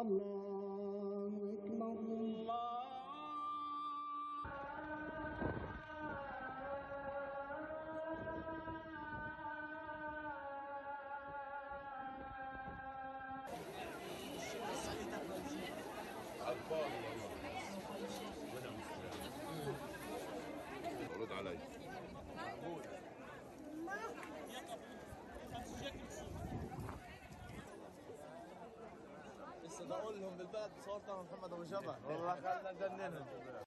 Allah بس بقول لهم بالبلد صورت محمد ابو جبل والله خلنا نجننهم